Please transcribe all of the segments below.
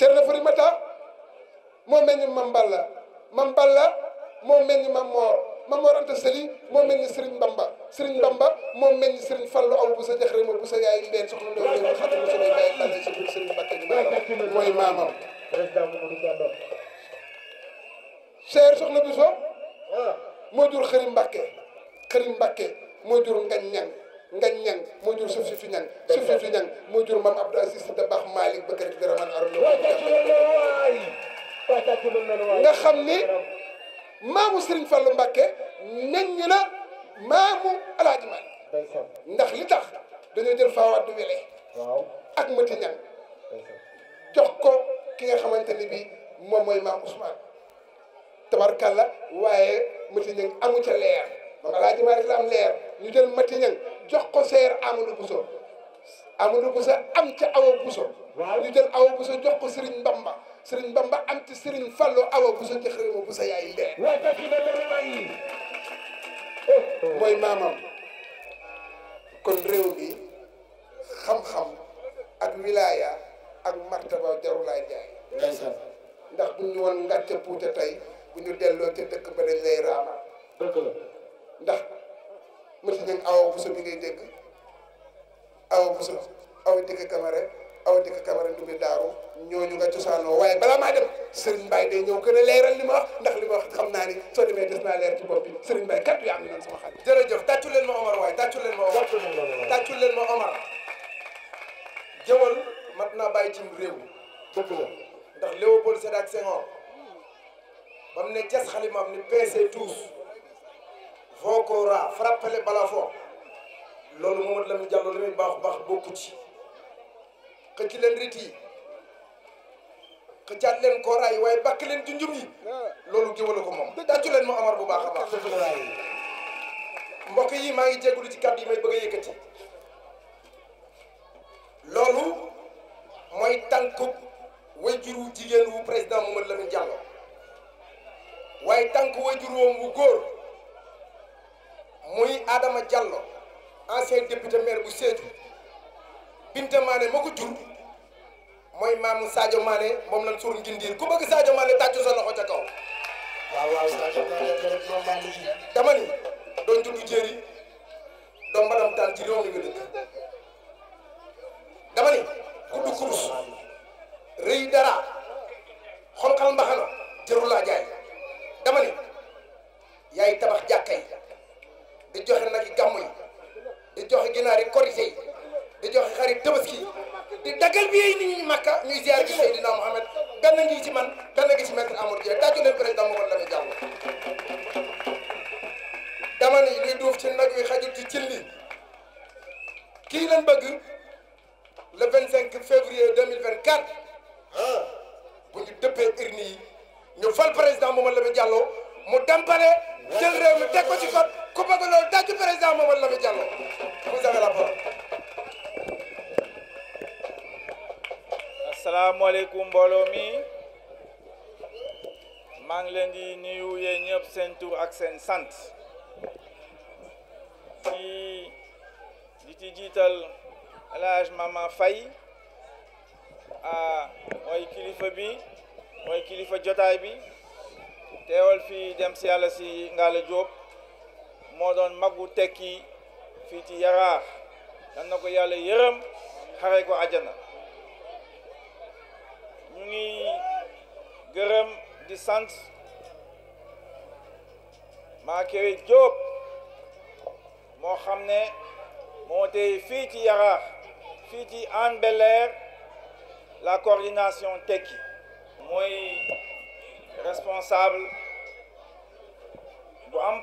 Cerno Farimata moo meññ Mam Balla Mam Balla moo meññ Mam Moor Mam Moor Anta Sali moo meññ Serigne Bamba Serigne Bamba moo meññ sëriñ Fallou aw bu sa jax rema bu sa yaay mbeen soxna Ndoye Ndoye xam mooy maamam Cheikh soxna Bousso ah. moo jur Xarim Mbacké Xarim Mbacké moo jur Ngañ Ñang ngañ ñang moo jur suuf si ñang moo jur maam Abdou Aziz da baax Malick ba kër gi dara nga xam ni maamu Serigne Fallou Mbacké nañ na maamu El Hadj Malick ndax li tax dañoo jël faawaat du wele waaw ak mati ñang jox ko ki nga xamante ni bii moom mooy maam Ousmane tabarkalla waaye mati ñang amu ca leer maam El Hadj Malick am leer ñu jël mati ñang jox ko seer Amadou Bousso Amadou Bousso am ca Awa Bousso ñu jël Awa Bousso jox ko Serigne Bamba Serigne Bamba am ci Serigne Fallou Awa Bousso ci xëyuma Bousso yaay ndee mooy maamam kon réew bi xam-xam ak wilaya ak martaba jarulaay jaay ndax bu ñu woon ngàcce puute tey bu ñu delloo ca dëkk ba lay raama ndax mën si dégg awa buso bi ngay dégg awa buso awa dëkk Camara awa dëkk Camara Ndoumbé Darou ñooñu nga cosaanoo waaye balaa maa dem Serigne Mbaye day ñëw gën a leeral li ma wax ndax li ma wax xam naa ni soo demee des naa leer ci bopp bi Serigne Mbaye kat yaa am na sama xarit. jërëjëf tàccu leen ma Omar waaye tàccu leen ma Omar tàccu mat naa bàyyi ci réew dëgg la ndax Léopold Sédar Senghor ba mu ne ces xalimaam ni PC tous vokora frappale balafon loolu Mamadou Lamine Diallo li muy baax baax bokku ci xëcc leen rit yi xëccaat leen yi waaye bàkk leen junjum yi loolu géwala ko moom dàccu leen mu amar bu baax a mbokk yi maa ngi jégalu ci kàddu yi may bëgg a yëkkati loolu mooy tànkub wajuru jigéen wu président Mamadou Lamine Diallo waaye tànk wajur woom wu góor muy Adama Diallo ancien député maire bu Sédhiou Binta Mané ma ko jur mooy maamu Sadio Mané moom lañ suur ngindiir ku bëgg Sadio Mané tàccu sa loxo ca kaw. waaw waaw Sadio jéeri doon mbalam taan ci réew dëkk dama ni gudd rëy dara xonqal mbaxana jërul laa jaay dama yaay tabax jàkk ginaari korité yi di joxe xarit tabaski di daggal bi yee nit ñi Makka ñuy ziar gi Seydina Mohamed benn ngi ci man benn ngi ci maître Amadou Dieng tàccu leen président Mamadou Lamine Diallo dama ni luy duuf ci nag wi ci cin li kii lañ bëgg le 25 février 2024 ah bu ñu dëppee urne yi ñu fal président Mamadou Lamine Diallo mu dempale jël réew mi teg ko ci kot. ku bëgg loolu tàccu président Mamadou Lamine Diallo vous la parole. asalaamaaleykum mbooloo mi maa ngi leen di nuyu yéen ak seen sant di di ci jiital El Hadj Mama Faye ah mooy kilifa bi mooy kilifa jotaay bi teewal fi dem si yàlla si Ngalla Diop. moo magu teki fi ci yara dan nako yalla yeureum xare ko aljana ñu ngi gërëm di sante ma job mo la coordination teki responsable bu am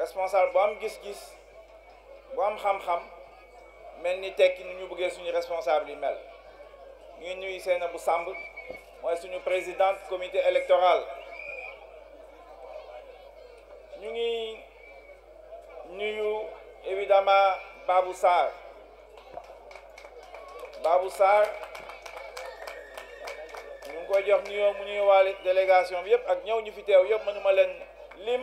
responsable bu am gis-gis bu am xam-xam mel ni tekki ni ñu bëggee suñu responsable yi mel ñu nuyu bu Samb mooy suñu présidente comité électoral ñu ngi nuyu évidemment Babou Sarr Babou Sarr ñu ngi koy jox nuyoo mu nuyu waale délégation bi yëpp ak ñëw ñu fi teew yëpp mënuma leen lim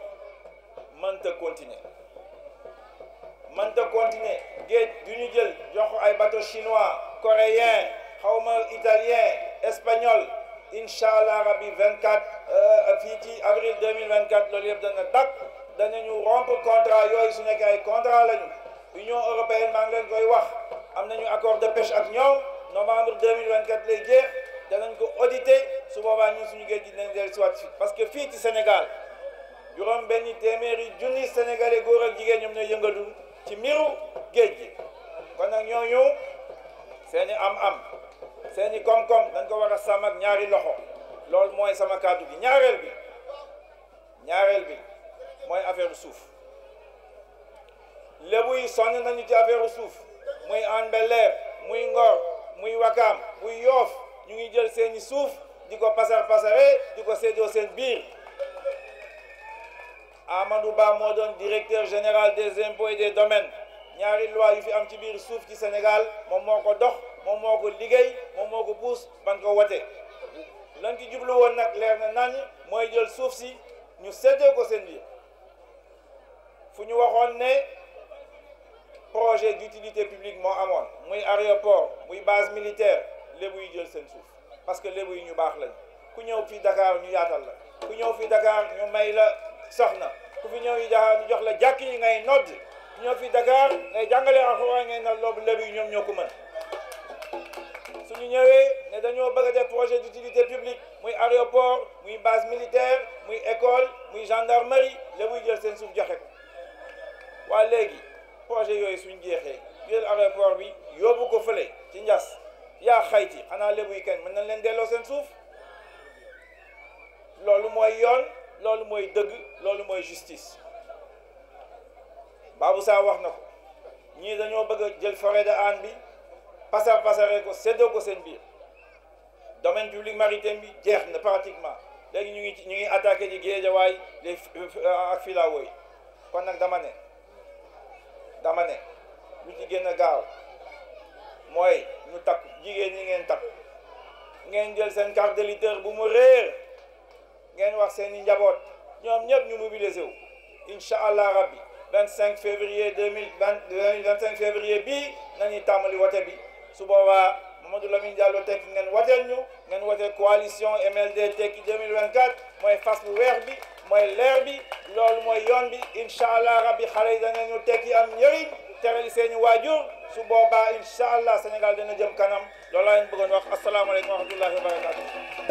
mënta continuer mënta continuer géej du jël jox ay bateau chinois coréen xawma italien espagnol incha allah 24 24 fi ci avril 2024 loolu yëpp dana dakk danañu rompre contrat yoy su nekkee ay contrat lañu Union européenne maa ngi koy wax am nañu accord de pêche ak ñom novembre 2024 lay jeex danañ ko auditer su boobaa ñu suñu géej gi dinañ del fii parce que fi ci Sénégal. juróom benni téeméeri junni sénégalais góor ak jigéen ñoom ñooy yëngatu ci miiru géej gi kon nag ñooñu seeni am-am seeni koom-koom dañ ko war a sàmm ak ñaari loxo loolu mooy sama kàddu gi ñaareel bi ñaareel bi mooy affaire suuf lébu yi sonn nañu ci affaire suuf muy Hann bel muy Ngor muy Wakaam muy Yoof ñu ngi jël seeni suuf di ko pasar pasare di ko séddoo seen biir Amadou Ba directeur général des impôts et des domaines ñaari loi yu fi am ci biir souf ci Sénégal mom moko dox mom moko liguey mom moko moo ban ko wote lan ci jublu won nak lér na nañ moy jël souf si ñu seddee ko seen bi fu ñu waxoon né projet d'utilité publique mo amone muy aéroport muy base militaire lébu yi jël seen souf parce que lébu yi ñu bax lañ ku ñew fi Dakar ñu yaatal la ku ñew fi Dakar ñu may la soxna ku fi ñëw yi jaxaar ñu jox la jàkk yi ngay nodd ñoo fi Dakar ngay jàngale alxuraan ngay na loobu lebi yi ñoom ñoo ko mën suñu ñëwee ne dañoo bëgg a def projet d'utilité publique muy aéroport muy base militaire muy école muy gendarmerie la muy jël seen suuf joxe ko waa léegi projet yooyu suñ jeexee jël aéroport bi yóbbu ko fële ci Njas yaa xayti xanaa lebu yi kenn mën nañ leen delloo seen suuf loolu mooy yoon loolu mooy dëgg loolu justice babu Sarr wax na ko ñii dañoo bëgg jël forêt de an bi pasare ko de ko seen domaine public maritime bi pratiquement léegi ñu ngi attaqué di les euh, euh, ak nous yi kon nag dama ne dama ne lu ci gën a gaaw ñu takk jigéen ñi ngeen jël carte de bu ngeen wax seen i njaboot ñoom ñëpp ñu mobiliser wu incha allah rabbi 25 février 2020 25 février bii nañuy tàmbali wote bi su boobaa Mamadou Lamine Diallo tekki ngeen wateel ñu ngeen wateel coalition MLD tekki 2024 mooy fas bu weex bi mooy leer bi loolu mooy yoon bi incha allah rabbi xale yi danañu tekki am njëriñ terali seeni waajur su boobaa incha allah Sénégal dana jëm kanam loolu laa leen bëggoon wax asalaamaaleykum wa rahmatullahi wa barakatuh